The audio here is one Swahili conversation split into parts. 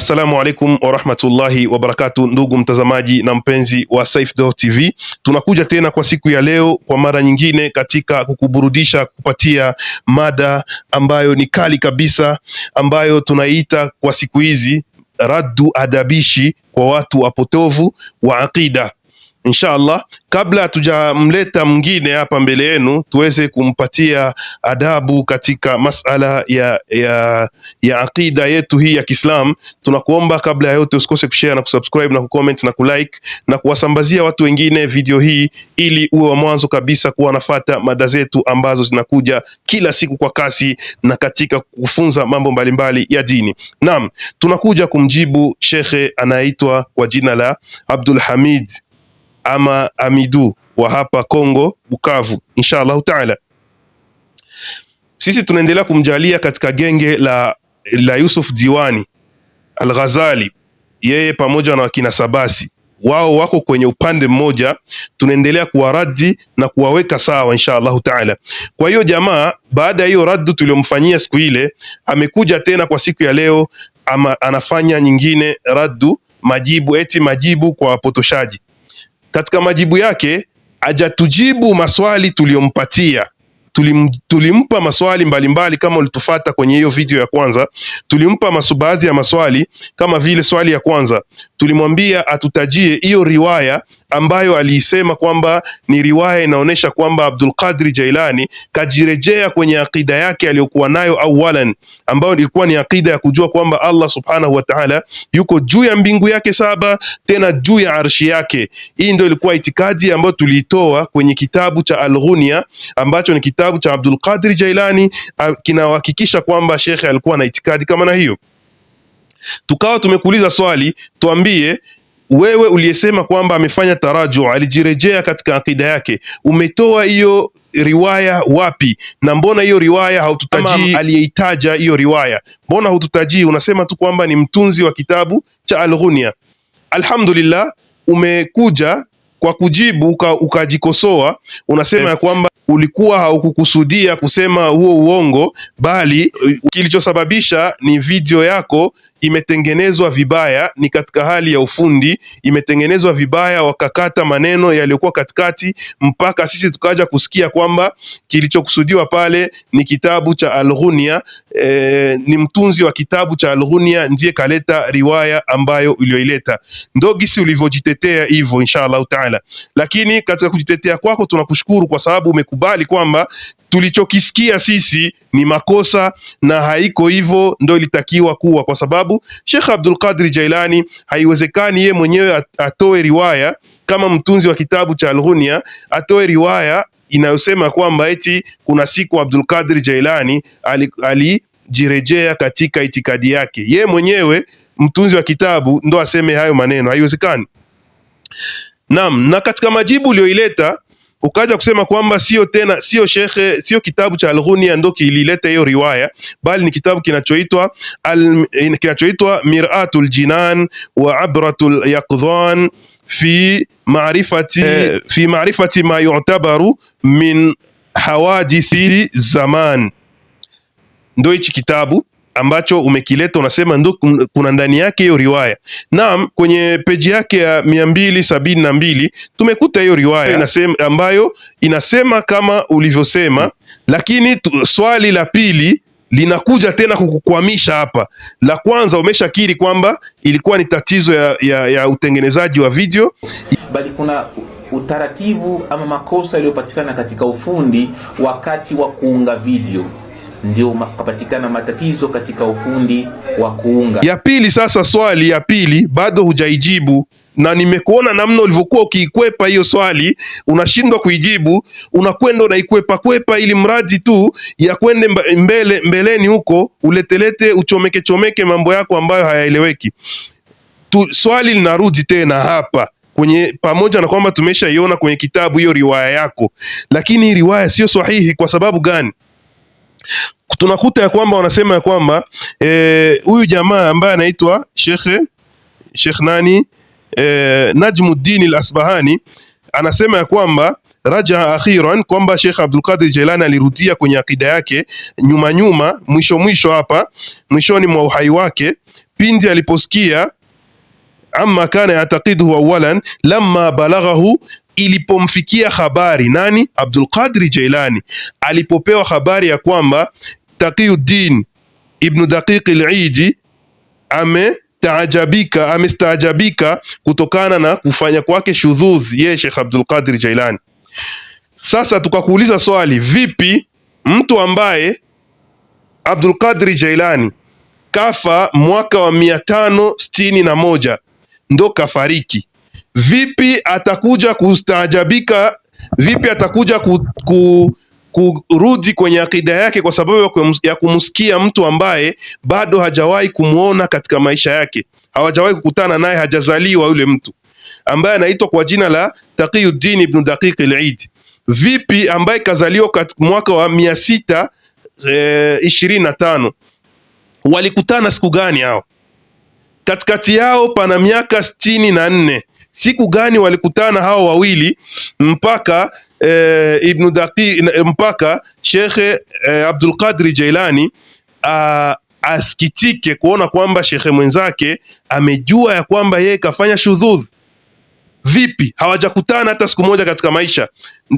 Assalamu alaikum warahmatullahi wabarakatu, ndugu mtazamaji na mpenzi wa Saif TV, tunakuja tena kwa siku ya leo kwa mara nyingine katika kukuburudisha, kupatia mada ambayo ni kali kabisa, ambayo tunaita kwa siku hizi raddu adabishi kwa watu wapotovu wa aqida insha allah, kabla hatujamleta mwingine hapa mbele yenu, tuweze kumpatia adabu katika masala ya, ya, ya aqida yetu hii ya Kiislam. Tunakuomba kabla ya yote usikose kushare na kusubscribe na kucomment na kulike na kuwasambazia watu wengine video hii, ili uwe wa mwanzo kabisa kuwa nafata mada zetu ambazo zinakuja kila siku kwa kasi na katika kufunza mambo mbalimbali mbali ya dini. Naam, tunakuja kumjibu shekhe anaitwa kwa jina la Abdul Hamid ama Amidu wa hapa Kongo Bukavu, insha Allahu taala. Sisi tunaendelea kumjalia katika genge la, la Yusuf Diwani Al-Ghazali, yeye pamoja na wakina Sabasi, wao wako kwenye upande mmoja, tunaendelea kuwaradi na kuwaweka sawa insha Allahu taala. Kwa hiyo jamaa, baada ya hiyo raddu tuliyomfanyia siku ile, amekuja tena kwa siku ya leo ama anafanya nyingine raddu majibu, eti majibu kwa wapotoshaji. Katika majibu yake hajatujibu maswali tuliyompatia. Tulim, tulimpa maswali mbalimbali mbali, kama ulitufata kwenye hiyo video ya kwanza, tulimpa masu baadhi ya maswali kama vile swali ya kwanza tulimwambia atutajie hiyo riwaya ambayo aliisema kwamba ni riwaya inaonyesha kwamba Abdul Qadir Jailani kajirejea kwenye akida yake aliyokuwa nayo awalan, ambayo ilikuwa ni akida ya kujua kwamba Allah subhanahu wa ta'ala yuko juu ya mbingu yake saba tena juu ya arshi yake. Hii ndio ilikuwa itikadi ambayo tuliitoa kwenye kitabu cha al ambacho ni kitabu cha Abdul Qadir Jailani, kinahakikisha kwamba shekhe alikuwa na itikadi kama na hiyo. Tukawa tumekuuliza swali, tuambie wewe uliyesema kwamba amefanya taraju, alijirejea katika akida yake, umetoa hiyo riwaya wapi? Na mbona hiyo riwaya haututajii aliyeitaja hiyo riwaya? Mbona haututajii? Unasema tu kwamba ni mtunzi wa kitabu cha Alghunia. Alhamdulillah, umekuja kwa kujibu ukajikosoa, unasema ya kwamba ulikuwa haukukusudia kusema huo uongo, bali kilichosababisha ni video yako imetengenezwa vibaya, ni katika hali ya ufundi, imetengenezwa vibaya, wakakata maneno yaliyokuwa katikati, mpaka sisi tukaja kusikia kwamba kilichokusudiwa pale ni kitabu cha Alghunia. E, ni mtunzi wa kitabu cha Alghunia ndiye kaleta riwaya ambayo ulioileta, ndo gisi ulivyojitetea hivyo, insha Allahu taala. Lakini katika kujitetea kwako tunakushukuru kwa sababu umekubali kwamba tulichokisikia sisi ni makosa na haiko hivyo ndo ilitakiwa kuwa, kwa sababu Sheikh Abdul Qadir Jailani haiwezekani ye mwenyewe atoe riwaya kama mtunzi wa kitabu cha Al-Ghunia atoe riwaya inayosema kwamba eti kuna siku Abdul Qadir Jailani alijirejea ali katika itikadi yake, ye mwenyewe mtunzi wa kitabu ndo aseme hayo maneno, haiwezekani. Naam, na katika majibu uliyoileta ukaja kusema kwamba sio tena, sio shekhe, sio kitabu cha al ndo kilileta hiyo riwaya, bali ni kitabu kinachoitwa al, kinachoitwa Miratul Jinan wa Abratul Yaqdhan fi marifati eh, fi marifati ma yu'tabaru min hawadithi zaman, ndo hichi kitabu ambacho umekileta unasema ndo kuna ndani yake hiyo riwaya. Naam, kwenye peji yake ya mia mbili sabini na mbili tumekuta hiyo riwaya inasema, ambayo inasema kama ulivyosema, lakini tu, swali la pili linakuja tena kukukwamisha hapa. La kwanza umeshakiri kwamba ilikuwa ni tatizo ya, ya, ya utengenezaji wa video, bali kuna utaratibu ama makosa yaliyopatikana katika ufundi wakati wa kuunga video ndio kapatikana matatizo katika ufundi wa kuunga. Ya pili sasa, swali ya pili bado hujaijibu, na nimekuona namna ulivyokuwa ukiikwepa hiyo swali, unashindwa kuijibu, unakwenda unaikwepa kwepa ili mradi tu ya kwende mbele mbeleni huko, uletelete uchomeke chomeke mambo yako ambayo hayaeleweki tu. Swali linarudi tena hapa kwenye pamoja na kwamba tumeshaiona kwenye kitabu hiyo riwaya yako, lakini riwaya sio sahihi. Kwa sababu gani? tunakuta ya kwamba wanasema ya kwamba eh, huyu e, jamaa ambaye anaitwa Sheikh Sheikh nani e, Najmuddin al-Asbahani anasema ya kwamba raja akhiran kwamba Sheikh Abdul Qadir Jilani alirudia kwenye akida yake nyuma nyuma, mwisho mwisho, hapa mwishoni mwa uhai wake, pindi aliposikia amma kana yataqiduhu awalan lamma balaghahu ilipomfikia habari nani, Abdul Qadri Jailani alipopewa habari ya kwamba Taqiuddin ibn Daqiq al-Idi ame taajabika amestaajabika kutokana na kufanya kwake shudhudhi ye Sheikh Abdul Qadir Jailani. Sasa tukakuuliza swali, vipi mtu ambaye Abdul Qadir Jailani kafa mwaka wa mia tano sitini na moja ndo kafariki vipi atakuja kustaajabika, vipi atakuja ku, ku, kurudi kwenye akida yake kwa sababu ya kumsikia mtu ambaye bado hajawahi kumwona katika maisha yake, hawajawahi kukutana naye, hajazaliwa yule mtu ambaye anaitwa kwa jina la Taqiyuddin ibn Daqiq al-Eid. Vipi ambaye kazaliwa mwaka wa mia sita eh, ishirini na tano walikutana siku gani hao? Katikati yao pana miaka sitini na nne siku gani walikutana hao wawili mpaka e, Ibn Daqi mpaka Shekhe e, Abdul Qadir Jailani a, asikitike kuona kwamba shekhe mwenzake amejua ya kwamba yeye kafanya shudhudh. Vipi hawajakutana hata siku moja katika maisha?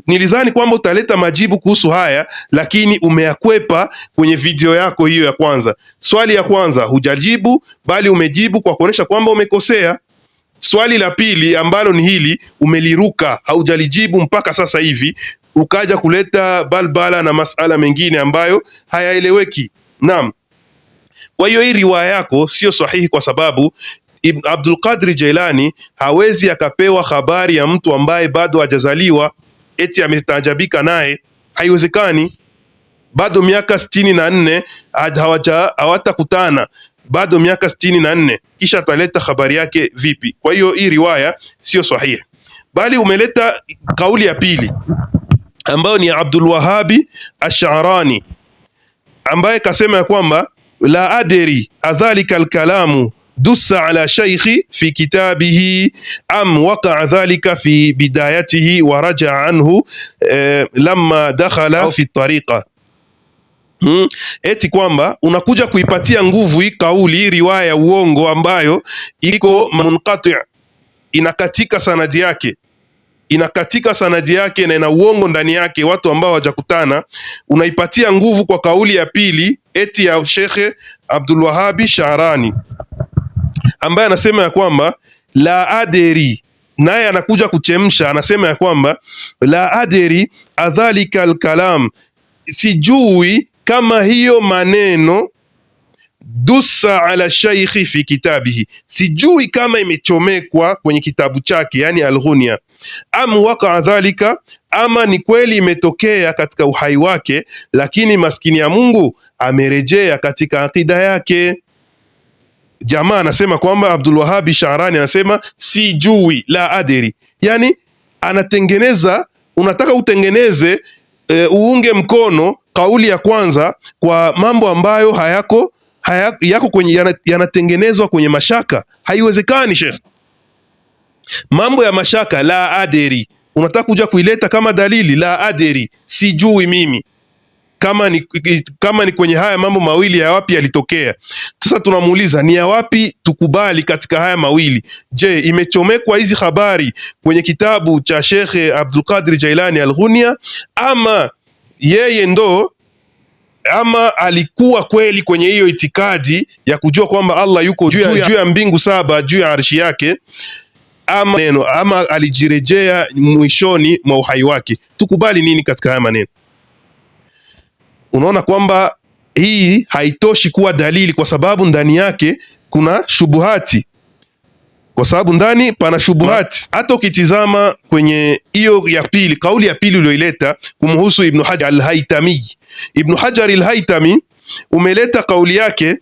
Nilidhani kwamba utaleta majibu kuhusu haya, lakini umeyakwepa kwenye video yako hiyo ya kwanza. Swali ya kwanza hujajibu, bali umejibu kwa kuonesha kwamba umekosea. Swali la pili ambalo ni hili umeliruka, haujalijibu mpaka sasa hivi, ukaja kuleta balbala na masala mengine ambayo hayaeleweki. Naam. Kwa hiyo hii riwaya yako sio sahihi, kwa sababu Abdul Qadir Jailani hawezi akapewa habari ya mtu ambaye bado hajazaliwa eti ametajabika naye, haiwezekani. Bado miaka sitini na nne hawatakutana, bado miaka sitini na nne kisha ataleta habari yake vipi? Kwa hiyo hii riwaya sio sahihi, bali umeleta kauli ya pili ambayo ni Abdul Wahabi Asharani ambaye kasema ya kwamba la adri adhalika alkalamu dussa ala shaykhi fi kitabihi am waqa'a dhalika fi bidayatihi wa raja'a anhu eh, lamma dakhala fi tariqa hmm? Eti kwamba unakuja kuipatia nguvu hii kauli hii riwaya ya uongo ambayo iko munqati, inakatika sanadi yake inakatika sanadi yake na ina uongo ndani yake, watu ambao hawajakutana. Unaipatia nguvu kwa kauli ya pili eti ya Shekhe Abdul Wahabi Shahrani ambaye anasema ya kwamba la aderi, naye anakuja kuchemsha, anasema ya kwamba la aderi adhalika alkalam, sijui kama hiyo maneno dusa ala shaykhi fi kitabihi, sijui kama imechomekwa kwenye kitabu chake, yani Alghunia. Am wakaa dhalika, ama ni kweli imetokea katika uhai wake, lakini maskini ya Mungu amerejea katika akida yake. Jamaa anasema kwamba Abdul Wahabi Sharani anasema sijui, la adri, yani anatengeneza, unataka utengeneze e, uunge mkono kauli ya kwanza kwa mambo ambayo hayako haya, yako kwenye yanatengenezwa kwenye mashaka. Haiwezekani Sheikh, mambo ya mashaka la aderi unataka kuja kuileta kama dalili la aderi, sijui mimi kama ni, kama ni kwenye haya mambo mawili ya wapi yalitokea. Sasa tunamuuliza ni ya wapi tukubali katika haya mawili? Je, imechomekwa hizi habari kwenye kitabu cha Shekhe Abdulqadir Jailani al ama yeye ndo ama alikuwa kweli kwenye hiyo itikadi ya kujua kwamba Allah yuko juu ya, ya mbingu saba juu ya arshi yake ama, neno, ama alijirejea mwishoni mwa uhai wake. Tukubali nini katika haya maneno? unaona kwamba hii haitoshi kuwa dalili, kwa sababu ndani yake kuna shubuhati, kwa sababu ndani pana shubuhati. Hata ukitizama kwenye hiyo ya pili, kauli ya pili uliyoileta kumhusu Ibnu Hajar al-Haytami, Ibnu Hajar al-Haytami umeleta kauli yake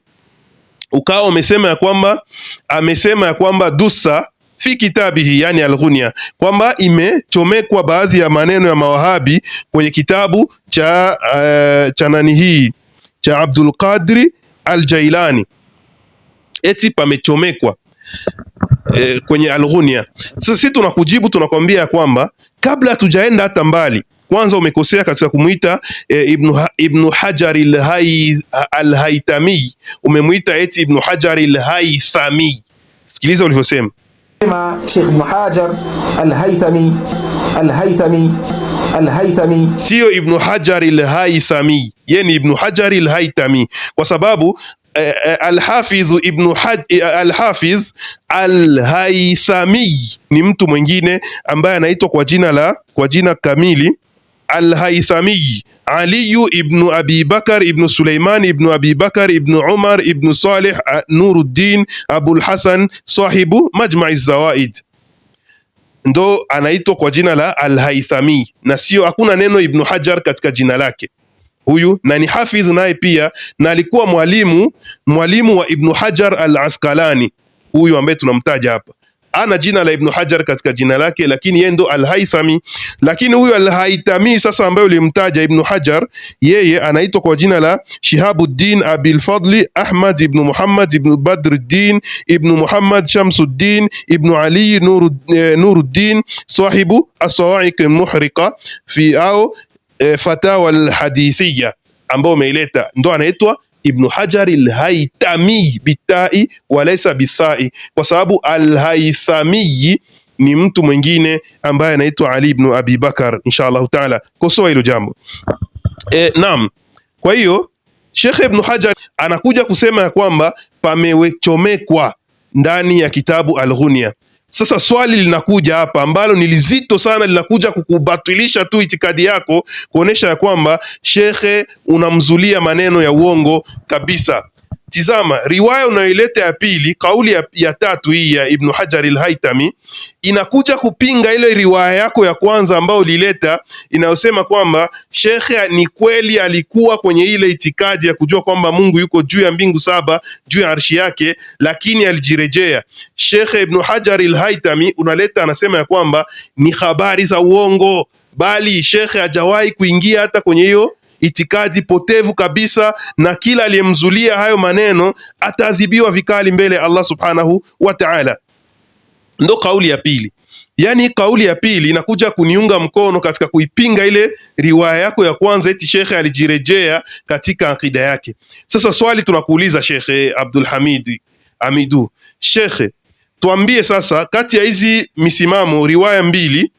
ukawa umesema ya kwamba amesema ya kwamba dusa fi kitabihi, yani Alghunia, kwamba imechomekwa baadhi ya maneno ya mawahabi kwenye kitabu cha uh, cha nani hii cha Abdul al Aljailani, eti pamechomekwa E, kwenye Alghunia. Sasa sisi tunakujibu tunakwambia kwamba kabla hatujaenda hata mbali, kwanza umekosea katika kumwita e, eh, Ibnu, ha, Ibn Hajar Alhaitami umemwita eti Ibnu Hajar al-Haythami. Sikiliza ulivyosema. Sema Sheikh Ibn Hajar Al-Haythami Al-Haythami Al-Haythami, sio Ibn Hajar Al-Haythami, yeye ni Ibn Hajar Al-Haythami kwa sababu eh, eh Al-Hafiz Ibn Haj eh, Al-Hafiz Al-Haythami ni mtu mwingine ambaye anaitwa kwa jina la kwa jina kamili Alhaithami, Aliyu ibnu abi Bakar ibnu Suleiman ibnu abi Bakar ibnu Umar ibnu Saleh Nuruddin Abulhasan sahibu Majmai Zawaid, ndo anaitwa kwa jina la Alhaithami na sio, hakuna neno Ibnu Hajar katika jina lake huyu na ni hafidh naye pia, na alikuwa mwalimu mwalimu wa Ibnu Hajar al Askalani, huyu ambaye tunamtaja hapa ana jina la Ibnu Hajar katika jina lake, lakini yeye ndo al Lakini huyu al sasa ambaye ulimtaja Ibnu Hajar, yeye anaitwa kwa jina la Shihabuddin Abil Fadli Ahmad ibn Muhammad ibn Badruddin ibn Muhammad Shamsuddin ibn Ali nur eh, Nuruddin sahibu as-Sawa'iq muhriqa fi au eh, Fatawa al ambao umeileta, ndo anaitwa Ibnu hajar Alhaitami bitai walaisa bithai, kwa sababu Alhaithamiyi ni mtu mwingine ambaye anaitwa Ali ibn Abi Bakar. Insha Allahu taala kosoa hilo jambo e, naam. Kwa hiyo Shekhe Ibnu Hajar anakuja kusema ya kwamba pamewechomekwa ndani ya kitabu Alghunia. Sasa swali linakuja hapa ambalo ni lizito sana, linakuja kukubatilisha tu itikadi yako, kuonesha ya kwamba shekhe unamzulia maneno ya uongo kabisa. Tizama riwaya unayoileta ya pili, kauli ya, ya tatu hii ya Ibnu Hajar al-Haitami inakuja kupinga ile riwaya yako ya kwanza ambayo ulileta inayosema kwamba shekhe ni kweli alikuwa kwenye ile itikadi ya kujua kwamba Mungu yuko juu ya mbingu saba juu ya arshi yake, lakini alijirejea. Shekhe Ibnu Hajar al unaleta anasema ya kwamba ni habari za uongo, bali shekhe hajawahi kuingia hata kwenye hiyo itikadi potevu kabisa, na kila aliyemzulia hayo maneno ataadhibiwa vikali mbele ya Allah subhanahu wa ta'ala. Ndo kauli ya pili. Yaani, kauli ya pili inakuja kuniunga mkono katika kuipinga ile riwaya yako ya kwanza, eti shekhe alijirejea katika akida yake. Sasa swali tunakuuliza Shekhe Abdul Hamid Amidu, shekhe, tuambie sasa, kati ya hizi misimamo riwaya mbili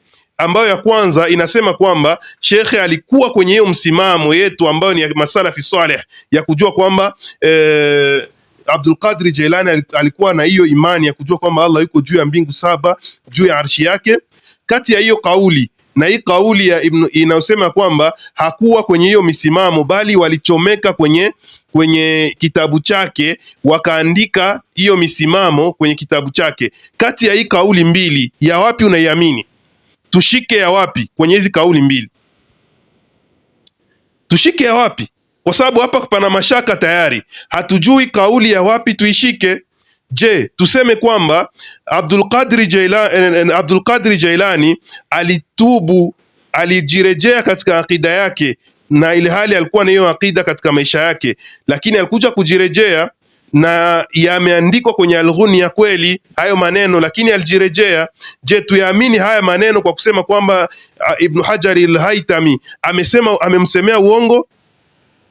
ambayo ya kwanza inasema kwamba shekhe alikuwa kwenye hiyo msimamo yetu ambayo ni masalafi saleh ya kujua kwamba e, Abdul Qadir Jilani alikuwa na hiyo imani ya kujua kwamba Allah yuko juu ya mbingu saba juu ya arshi yake. Kati ya hiyo kauli na hii kauli ya inayosema kwamba hakuwa kwenye hiyo misimamo, bali walichomeka kwenye kwenye kitabu chake, wakaandika hiyo misimamo kwenye kitabu chake. Kati ya hii kauli mbili, ya wapi unaiamini? tushike ya wapi kwenye hizi kauli mbili? Tushike ya wapi? Kwa sababu hapa pana mashaka tayari, hatujui kauli ya wapi tuishike. Je, tuseme kwamba Abdul qadri Jailani, eh, eh, eh, Abdul Jailani alitubu, alijirejea katika akida yake, na ile hali alikuwa na hiyo akida katika maisha yake, lakini alikuja kujirejea na yameandikwa kwenye alghuni ya kweli hayo maneno, lakini alijirejea. Je, tuyaamini haya maneno kwa kusema kwamba ah, Ibnu al-Haytami amesema amemsemea uongo?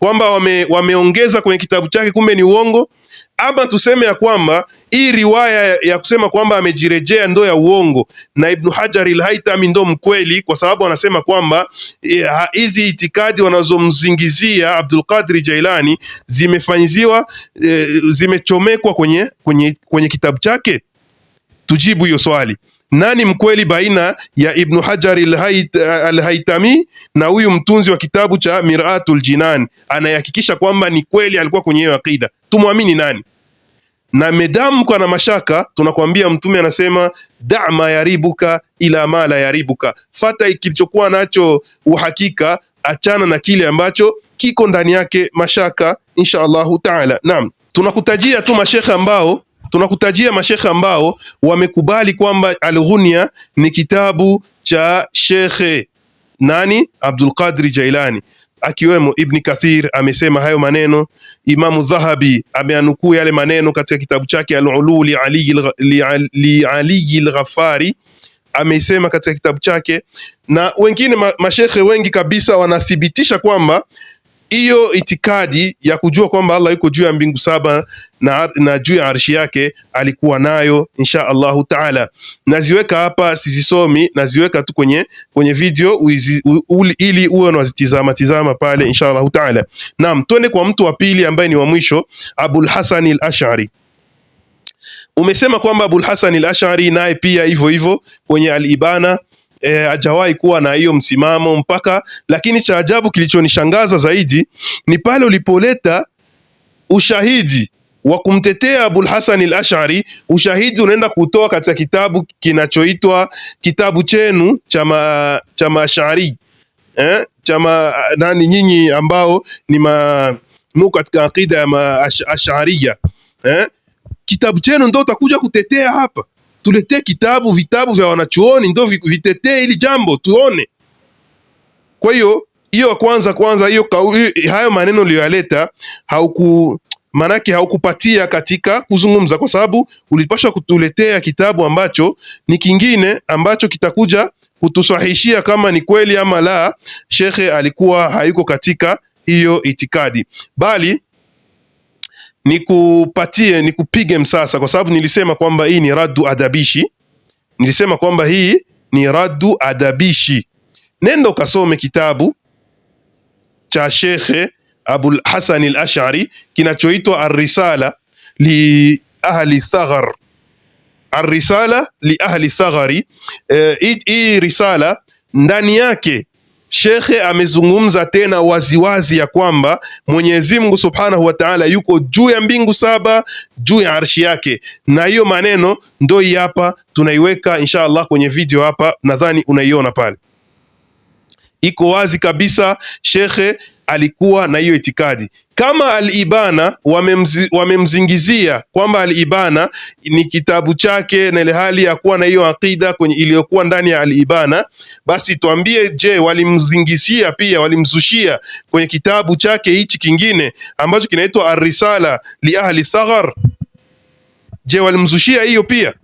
kwamba wame, wameongeza kwenye kitabu chake, kumbe ni uongo, ama tuseme ya kwamba hii riwaya ya kusema kwamba amejirejea ndo ya uongo na Ibn Hajar al-Haytami ndo mkweli, kwa sababu anasema kwamba e, hizi itikadi wanazomzingizia Abdul Qadir Jailani zimefanyiziwa e, zimechomekwa kwenye, kwenye, kwenye kitabu chake? Tujibu hiyo swali. Nani mkweli baina ya Ibnu Hajar eh, al-Haytami na huyu mtunzi wa kitabu cha Miratul Jinan? Anayehakikisha kwamba ni kweli alikuwa kwenye hiyo akida, tumwamini nani? Na medam kwa na mashaka, tunakwambia Mtume anasema da ma yaribuka ila ma la yaribuka, fata kilichokuwa nacho uhakika, achana na kile ambacho kiko ndani yake mashaka. Insha Allahu taala, naam, tunakutajia tu mashekhe ambao Tunakutajia mashekhe ambao wamekubali kwamba Alghunya ni kitabu cha shekhe nani, Abdul Qadir Jailani, akiwemo Ibni Kathir amesema hayo maneno. Imamu Dhahabi ameanukuu yale maneno katika kitabu chake Alulu li Aliyi Lghafari amesema katika kitabu chake, na wengine mashekhe wengi kabisa wanathibitisha kwamba hiyo itikadi ya kujua kwamba Allah yuko juu ya mbingu saba na, na juu ya arshi yake alikuwa nayo insha Allahu taala. Naziweka hapa sizisomi, naziweka tu kwenye kwenye video uizi, u, u, ili uwe unazitizama tizama pale insha Allahu taala. Naam, twende kwa mtu wa pili ambaye ni wa mwisho, Abul Hasan al-Ash'ari. Umesema kwamba Abul Hasan al-Ash'ari naye pia hivyo hivyo kwenye al-Ibana Eh, hajawahi e, kuwa na hiyo msimamo mpaka. Lakini cha ajabu kilichonishangaza zaidi ni pale ulipoleta ushahidi wa kumtetea Abul Hasan al Ash'ari. Ushahidi unaenda kutoa katika kitabu kinachoitwa kitabu chenu cha cha Mashari eh, cha nani, nyinyi ambao ni ma mu katika akida ya Ash'ariya eh, kitabu chenu ndio utakuja kutetea hapa tuletee kitabu, vitabu vya wanachuoni ndio vitetee hili jambo tuone. Kwa hiyo hiyo kwanza kwanza hiyo hayo maneno uliyoyaleta hauku maanake haukupatia katika kuzungumza, kwa sababu ulipashwa kutuletea kitabu ambacho ni kingine ambacho kitakuja kutusahishia kama ni kweli ama la, shekhe alikuwa hayuko katika hiyo itikadi bali Nikupatie, nikupige msasa, kwa sababu nilisema kwamba hii ni raddu adabishi. Nilisema kwamba hii ni raddu adabishi. Nenda ukasome kitabu cha Shekhe Abul Hasan al Ash'ari kinachoitwa Arrisala li ahli thaghar, Arrisala li ahli thaghari. Eh, hii e, risala ndani yake Shekhe amezungumza tena waziwazi ya kwamba Mwenyezi Mungu Subhanahu wa Ta'ala yuko juu ya mbingu saba juu ya arshi yake, na hiyo maneno ndo hii hapa tunaiweka insha Allah kwenye video hapa, nadhani unaiona pale, iko wazi kabisa. Shekhe alikuwa na hiyo itikadi kama Al-Ibana wamemzi, wamemzingizia kwamba Al-Ibana ni kitabu chake na ile hali ya kuwa na hiyo aqida iliyokuwa ndani ya Al-Ibana, basi tuambie, je, walimzingizia pia walimzushia kwenye kitabu chake hichi kingine ambacho kinaitwa Ar-Risala li Ahli Thaghar? Je, walimzushia hiyo pia?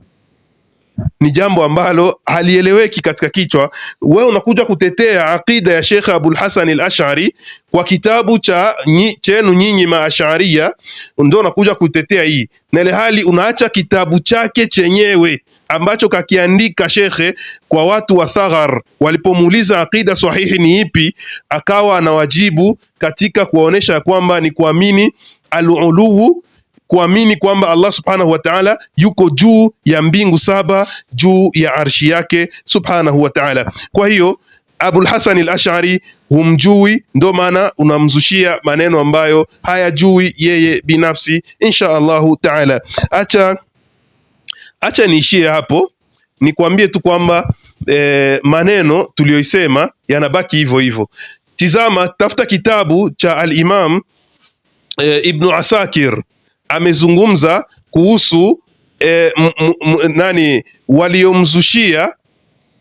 ni jambo ambalo halieleweki katika kichwa. Wewe unakuja kutetea aqida ya Sheikh Abul Hasan al-Ash'ari kwa kitabu cha nyi, chenu nyinyi maasharia, ndio unakuja kutetea hii, na ile hali unaacha kitabu chake chenyewe ambacho kakiandika shekhe kwa watu wa Thaghar. Walipomuuliza aqida sahihi ni ipi, akawa anawajibu katika kuwaonesha kwamba ni kuamini aluluu kuamini kwamba Allah subhanahu wa taala yuko juu ya mbingu saba juu ya arshi yake subhanahu wa taala. Kwa hiyo Abul Hasan al-Ash'ari humjui, ndo maana unamzushia maneno ambayo hayajui yeye binafsi. Insha Allahu taala, acha acha niishie hapo, nikwambie tu kwamba e, maneno tuliyoisema yanabaki hivyo hivyo. Tizama, tafuta kitabu cha al-Imam e, Ibn Asakir amezungumza kuhusu e, nani waliomzushia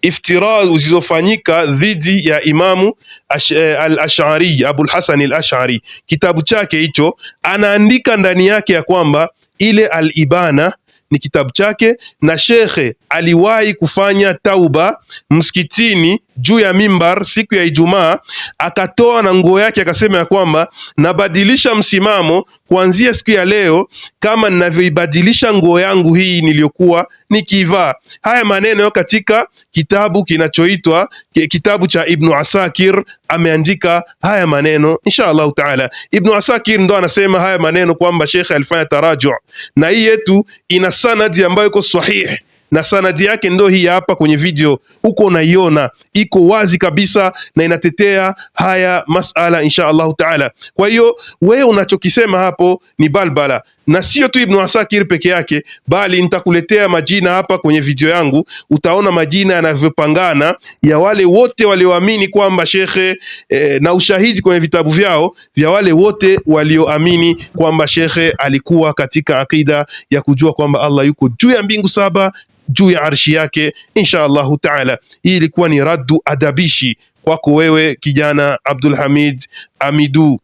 iftira zilizofanyika dhidi ya Imamu ash, e, al-Ash'ari Abul Hasan al-Ash'ari. Kitabu chake hicho anaandika ndani yake ya kwamba ile al-Ibana ni kitabu chake, na shekhe aliwahi kufanya tauba msikitini juu ya mimbar siku ya Ijumaa, akatoa na nguo yake akasema ya kwamba nabadilisha msimamo kuanzia siku ya leo kama ninavyoibadilisha nguo yangu hii niliyokuwa nikivaa Haya maneno katika kitabu kinachoitwa kitabu cha Ibnu Asakir ameandika haya maneno insha Allahu taala. Ibnu Asakir ndo anasema haya maneno kwamba Sheikh alifanya tarajuu, na hii yetu ina sanadi ambayo iko sahihi na sanadi yake ndo hii hapa kwenye video, huko unaiona iko wazi kabisa na inatetea haya masala insha Allahu taala. Kwa hiyo wewe unachokisema hapo ni balbala, na sio tu Ibnu Asakir peke yake, bali nitakuletea majina hapa kwenye video yangu, utaona majina yanavyopangana ya wale wote walioamini kwamba shekhe eh, na ushahidi kwenye vitabu vyao vya wale wote walioamini kwamba shekhe alikuwa katika akida ya kujua kwamba Allah yuko juu ya mbingu saba juu ya arshi yake. Insha Allahu taala, hii ilikuwa ni raddu adabishi kwako wewe kijana Abdul Hamid Amidu.